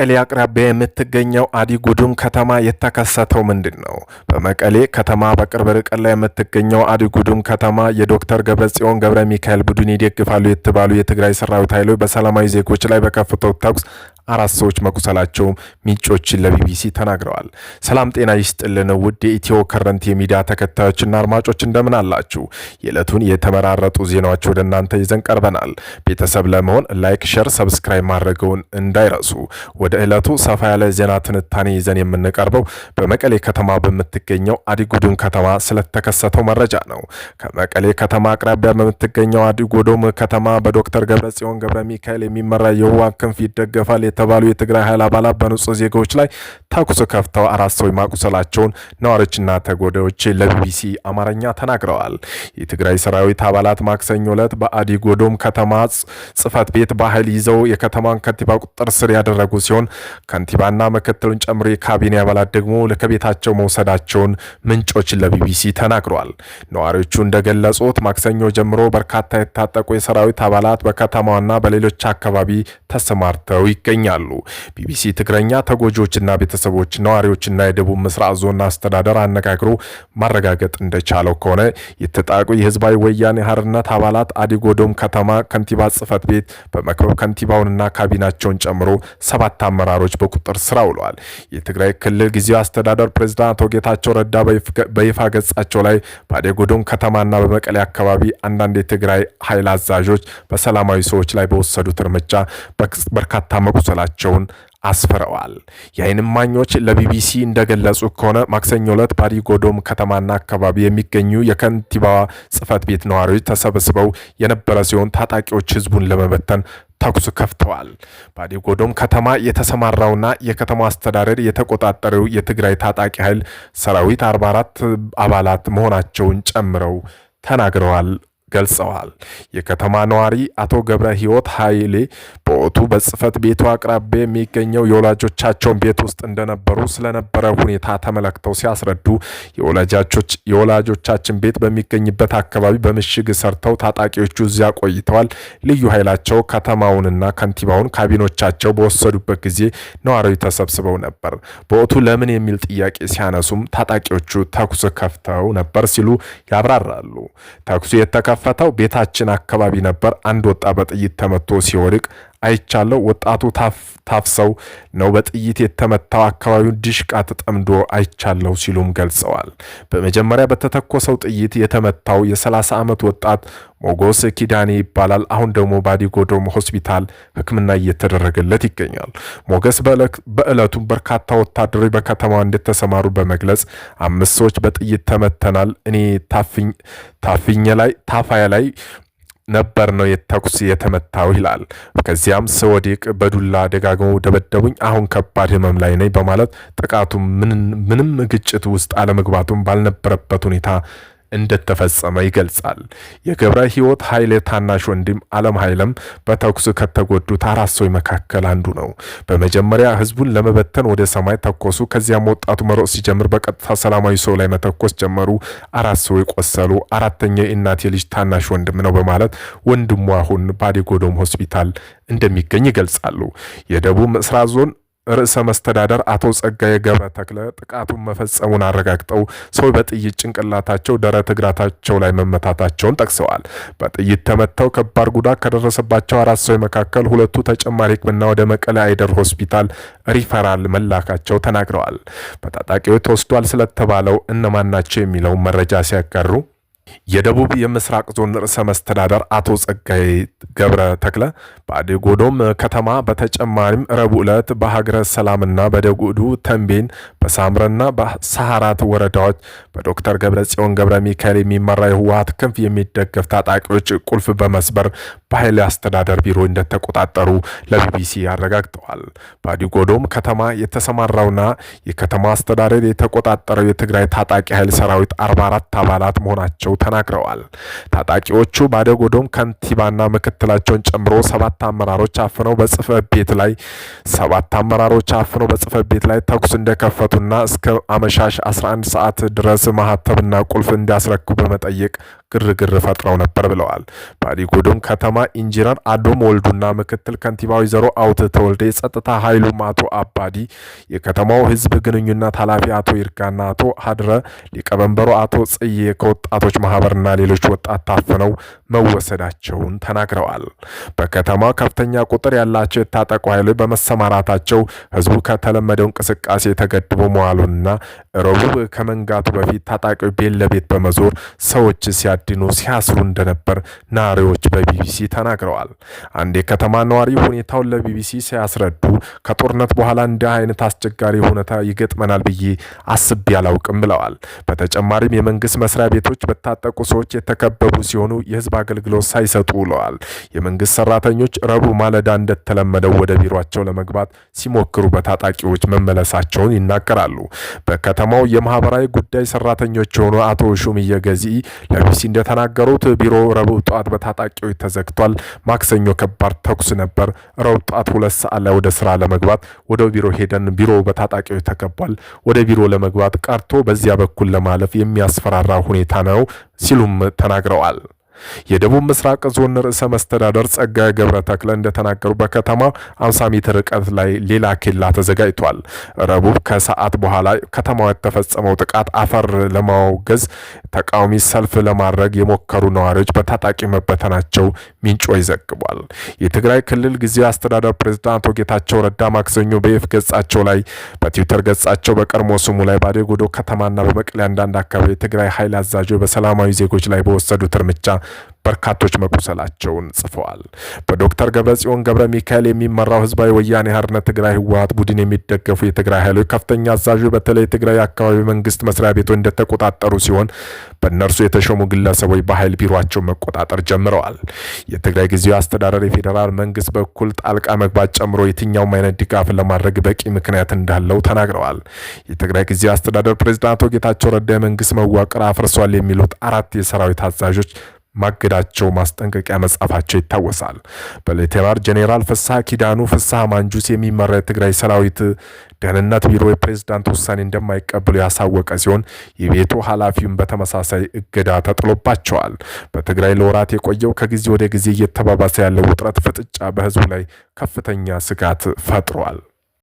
በመቀሌ አቅራቢያ የምትገኘው አዲጉዱም ከተማ የተከሰተው ምንድን ነው? በመቀሌ ከተማ በቅርብ ርቀት ላይ የምትገኘው አዲጉዱም ከተማ የዶክተር ገብረጽዮን ገብረ ሚካኤል ቡድን ይደግፋሉ የተባሉ የትግራይ ሰራዊት ኃይሎች በሰላማዊ ዜጎች ላይ በከፍተው ተኩስ አራት ሰዎች መቁሰላቸው ምንጮችን ለቢቢሲ ተናግረዋል። ሰላም ጤና ይስጥልን ውድ የኢትዮ ከረንት የሚዲያ ተከታዮችና አድማጮች እንደምን አላችሁ? የዕለቱን የተመራረጡ ዜናዎች ወደ እናንተ ይዘን ቀርበናል። ቤተሰብ ለመሆን ላይክ፣ ሸር፣ ሰብስክራይብ ማድረገውን እንዳይረሱ። ወደ ዕለቱ ሰፋ ያለ ዜና ትንታኔ ይዘን የምንቀርበው በመቀሌ ከተማ በምትገኘው አዲጉዶም ከተማ ስለተከሰተው መረጃ ነው። ከመቀሌ ከተማ አቅራቢያ በምትገኘው አዲጉዶም ከተማ በዶክተር ገብረ ገብረ ሚካኤል የሚመራ የህወሓት ክንፍ ይደገፋል የተባሉ የትግራይ ኃይል አባላት በንጹህ ዜጎች ላይ ተኩስ ከፍተው አራት ሰው ማቁሰላቸውን ነዋሪዎችና ተጎዳዮች ለቢቢሲ አማርኛ ተናግረዋል። የትግራይ ሰራዊት አባላት ማክሰኞ ዕለት በአዲጎዶም ከተማ ጽህፈት ቤት በኃይል ይዘው የከተማን ከንቲባ ቁጥጥር ስር ያደረጉ ሲሆን ከንቲባና ምክትሉን ጨምሮ የካቢኔ አባላት ደግሞ ከቤታቸው መውሰዳቸውን ምንጮች ለቢቢሲ ተናግረዋል። ነዋሪዎቹ እንደገለጹት ማክሰኞ ጀምሮ በርካታ የታጠቁ የሰራዊት አባላት በከተማዋና በሌሎች አካባቢ ተሰማርተው ይገኛል። ይገኛሉ። ቢቢሲ ትግረኛ ተጎጂዎችና ቤተሰቦች ነዋሪዎችና የደቡብ ምስራቅ ዞን አስተዳደር አነጋግሮ ማረጋገጥ እንደቻለው ከሆነ የተጣቁ የህዝባዊ ወያኔ ሀርነት አባላት አዲጎዶም ከተማ ከንቲባ ጽህፈት ቤት በመክበብ ከንቲባውንና ካቢናቸውን ጨምሮ ሰባት አመራሮች በቁጥር ስራ ውለዋል። የትግራይ ክልል ጊዜያዊ አስተዳደር ፕሬዝዳንት አቶ ጌታቸው ረዳ በይፋ ገጻቸው ላይ በአዴጎዶም ከተማና በመቀሌ አካባቢ አንዳንድ የትግራይ ኃይል አዛዦች በሰላማዊ ሰዎች ላይ በወሰዱት እርምጃ በርካታ መቁሰ መቁሰላቸውን አስፍረዋል። የዓይን እማኞች ለቢቢሲ እንደገለጹ ከሆነ ማክሰኞ ዕለት ባሪ ጎዶም ከተማና አካባቢ የሚገኙ የከንቲባዋ ጽህፈት ቤት ነዋሪዎች ተሰብስበው የነበረ ሲሆን ታጣቂዎች ህዝቡን ለመበተን ተኩስ ከፍተዋል። ጎዶም ከተማ የተሰማራውና የከተማው አስተዳደር የተቆጣጠረው የትግራይ ታጣቂ ኃይል ሰራዊት 44 አባላት መሆናቸውን ጨምረው ተናግረዋል። ገልጸዋል። የከተማ ነዋሪ አቶ ገብረ ሕይወት ኃይሌ በወቅቱ በጽህፈት ቤቱ አቅራቢያ የሚገኘው የወላጆቻቸውን ቤት ውስጥ እንደነበሩ ስለነበረ ሁኔታ ተመለክተው ሲያስረዱ የወላጆቻችን ቤት በሚገኝበት አካባቢ በምሽግ ሰርተው ታጣቂዎቹ እዚያ ቆይተዋል። ልዩ ኃይላቸው ከተማውንና ከንቲባውን ካቢኖቻቸው በወሰዱበት ጊዜ ነዋሪዎች ተሰብስበው ነበር። በወቅቱ ለምን የሚል ጥያቄ ሲያነሱም ታጣቂዎቹ ተኩስ ከፍተው ነበር ሲሉ ያብራራሉ። ተኩሱ የተከፍ የተከፈተው ቤታችን አካባቢ ነበር። አንድ ወጣ በጥይት ተመቶ ሲወድቅ አይቻለው። ወጣቱ ታፍሰው ነው በጥይት የተመታው፣ አካባቢውን ዲሽቃ ተጠምዶ አይቻለው ሲሉም ገልጸዋል። በመጀመሪያ በተተኮሰው ጥይት የተመታው የ30 ዓመት ወጣት ሞጎስ ኪዳኔ ይባላል። አሁን ደግሞ ባዲጎዶም ሆስፒታል ሕክምና እየተደረገለት ይገኛል። ሞገስ በዕለቱም በርካታ ወታደሮች በከተማዋ እንደተሰማሩ በመግለጽ አምስት ሰዎች በጥይት ተመተናል። እኔ ታፍኝ ላይ ታፋያ ላይ ነበር ነው የተኩስ የተመታው ይላል። ከዚያም ስወዲቅ በዱላ ደጋግመው ደበደቡኝ። አሁን ከባድ ህመም ላይ ነኝ በማለት ጥቃቱ ምንም ግጭት ውስጥ አለመግባቱን ባልነበረበት ሁኔታ እንደተፈጸመ ይገልጻል። የገብረ ህይወት ኃይሌ ታናሽ ወንድም አለም ኃይለም በተኩስ ከተጎዱት አራት ሰዎች መካከል አንዱ ነው። በመጀመሪያ ህዝቡን ለመበተን ወደ ሰማይ ተኮሱ። ከዚያም ወጣቱ መሮጥ ሲጀምር በቀጥታ ሰላማዊ ሰው ላይ መተኮስ ጀመሩ። አራት ሰው የቆሰሉ አራተኛ የእናት ልጅ ታናሽ ወንድም ነው በማለት ወንድሙ አሁን በአዴጎዶም ሆስፒታል እንደሚገኝ ይገልጻሉ። የደቡብ ምስራቅ ዞን ርዕሰ መስተዳደር አቶ ጸጋዬ ገብረ ተክለ ጥቃቱን መፈጸሙን አረጋግጠው ሰው በጥይት ጭንቅላታቸው፣ ደረት፣ እግራታቸው ላይ መመታታቸውን ጠቅሰዋል። በጥይት ተመተው ከባድ ጉዳት ከደረሰባቸው አራት ሰዎች መካከል ሁለቱ ተጨማሪ ሕክምና ወደ መቀለ አይደር ሆስፒታል ሪፈራል መላካቸው ተናግረዋል። በታጣቂዎች ተወስዷል ስለተባለው እነማን ናቸው የሚለውን መረጃ ሲያጋሩ የደቡብ የምስራቅ ዞን ርዕሰ መስተዳደር አቶ ጸጋይ ገብረ ተክለ በአዴጎዶም ከተማ በተጨማሪም ረቡዕ ዕለት በሀገረ ሰላምና በደጉዱ ተንቤን በሳምረና በሰሃራት ወረዳዎች በዶክተር ገብረ ጽዮን ገብረ ሚካኤል የሚመራ የህወሀት ክንፍ የሚደገፍ ታጣቂዎች ቁልፍ በመስበር በኃይል አስተዳደር ቢሮ እንደተቆጣጠሩ ለቢቢሲ አረጋግጠዋል። በአዲጎዶም ከተማ የተሰማራውና የከተማ አስተዳደር የተቆጣጠረው የትግራይ ታጣቂ ኃይል ሰራዊት 44 አባላት መሆናቸው ተናግረዋል። ታጣቂዎቹ በአዲጎዶም ከንቲባና ምክትላቸውን ጨምሮ ሰባት አመራሮች አፍነው በጽህፈት ቤት ላይ ሰባት አመራሮች አፍነው በጽህፈት ቤት ላይ ተኩስ እንደከፈቱና እስከ አመሻሽ 11 ሰዓት ድረስ ማህተብና ቁልፍ እንዲያስረክቡ በመጠየቅ ግርግር ፈጥረው ነበር ብለዋል። በአዲጎዶም ከተማ ኢንጂነር አዶም ወልዱና ምክትል ከንቲባ ወይዘሮ አውት ተወልደ፣ የጸጥታ ኃይሉ አቶ አባዲ፣ የከተማው ህዝብ ግንኙነት ኃላፊ አቶ ይርጋና አቶ ሀድረ፣ ሊቀመንበሩ አቶ ጽዬ ከወጣቶች ማህበርና ሌሎች ወጣት ታፍነው መወሰዳቸውን ተናግረዋል። በከተማ ከፍተኛ ቁጥር ያላቸው የታጠቁ ኃይሎች በመሰማራታቸው ህዝቡ ከተለመደው እንቅስቃሴ ተገድቦ መዋሉና ረቡዕ ከመንጋቱ በፊት ታጣቂዎች ቤት ለቤት በመዞር ሰዎች ሲያድኑ ሲያስሩ እንደነበር ናሪዎች በቢቢሲ ተናግረዋል። አንድ የከተማ ነዋሪ ሁኔታውን ለቢቢሲ ሲያስረዱ ከጦርነት በኋላ እንዲህ አይነት አስቸጋሪ ሁኔታ ይገጥመናል ብዬ አስቤ አላውቅም ብለዋል። በተጨማሪም የመንግስት መስሪያ ቤቶች በታጠቁ ሰዎች የተከበቡ ሲሆኑ የህዝብ አገልግሎት ሳይሰጡ ውለዋል። የመንግስት ሰራተኞች ረቡዕ ማለዳ እንደተለመደው ወደ ቢሮቸው ለመግባት ሲሞክሩ በታጣቂዎች መመለሳቸውን ይናገራሉ። በከተማው የማህበራዊ ጉዳይ ሰራተኞች የሆኑ አቶ ሹምዬ ገዚ ለቢቢሲ እንደተናገሩት ቢሮ ረቡዕ ጠዋት በታጣቂዎች ተዘግቶ ተከስቷል። ማክሰኞ ከባድ ተኩስ ነበር። ረቡዕ ጠዋት ሁለት ሰዓት ላይ ወደ ስራ ለመግባት ወደ ቢሮ ሄደን ቢሮ በታጣቂዎች ተከቧል። ወደ ቢሮ ለመግባት ቀርቶ በዚያ በኩል ለማለፍ የሚያስፈራራ ሁኔታ ነው ሲሉም ተናግረዋል። የደቡብ ምስራቅ ዞን ርዕሰ መስተዳደር ጸጋዬ ገብረ ተክለ እንደተናገሩ በከተማ 50 ሜትር ርቀት ላይ ሌላ ኬላ ተዘጋጅቷል። ረቡብ ከሰዓት በኋላ ከተማው የተፈጸመው ጥቃት አፈር ለማውገዝ ተቃዋሚ ሰልፍ ለማድረግ የሞከሩ ነዋሪዎች በታጣቂ መበተናቸው ሚንጮ ይዘግቧል። የትግራይ ክልል ጊዜያዊ አስተዳደር ፕሬዝዳንት አቶ ጌታቸው ረዳ ማክሰኞ በይፍ ገጻቸው ላይ በትዊተር ገጻቸው በቀድሞ ስሙ ላይ ባዴጎዶ ከተማና በመቀሌ አንዳንድ አካባቢ የትግራይ ኃይል አዛዦች በሰላማዊ ዜጎች ላይ በወሰዱት እርምጃ በርካቶች መቁሰላቸውን ጽፈዋል። በዶክተር ገብረጽዮን ገብረ ሚካኤል የሚመራው ህዝባዊ ወያኔ ሓርነት ትግራይ ህወሀት ቡድን የሚደገፉ የትግራይ ኃይሎች ከፍተኛ አዛዥ በተለይ ትግራይ አካባቢ መንግስት መስሪያ ቤቶች እንደተቆጣጠሩ ሲሆን በእነርሱ የተሾሙ ግለሰቦች በኃይል ቢሮቸው መቆጣጠር ጀምረዋል። የትግራይ ጊዜያዊ አስተዳደር የፌዴራል መንግስት በኩል ጣልቃ መግባት ጨምሮ የትኛውም አይነት ድጋፍ ለማድረግ በቂ ምክንያት እንዳለው ተናግረዋል። የትግራይ ጊዜያዊ አስተዳደር ፕሬዚዳንቱ ጌታቸው ረዳ የመንግስት መዋቅር አፍርሷል የሚሉት አራት የሰራዊት አዛዦች ማገዳቸው ማስጠንቀቂያ መጻፋቸው ይታወሳል። በሌተናል ጄኔራል ፍስሐ ኪዳኑ ፍስሐ ማንጁስ የሚመራ የትግራይ ሰራዊት ደህንነት ቢሮ የፕሬዝዳንት ውሳኔ እንደማይቀበሉ ያሳወቀ ሲሆን የቤቱ ኃላፊውም በተመሳሳይ እገዳ ተጥሎባቸዋል። በትግራይ ለወራት የቆየው ከጊዜ ወደ ጊዜ እየተባባሰ ያለው ውጥረት ፍጥጫ በህዝቡ ላይ ከፍተኛ ስጋት ፈጥሯል።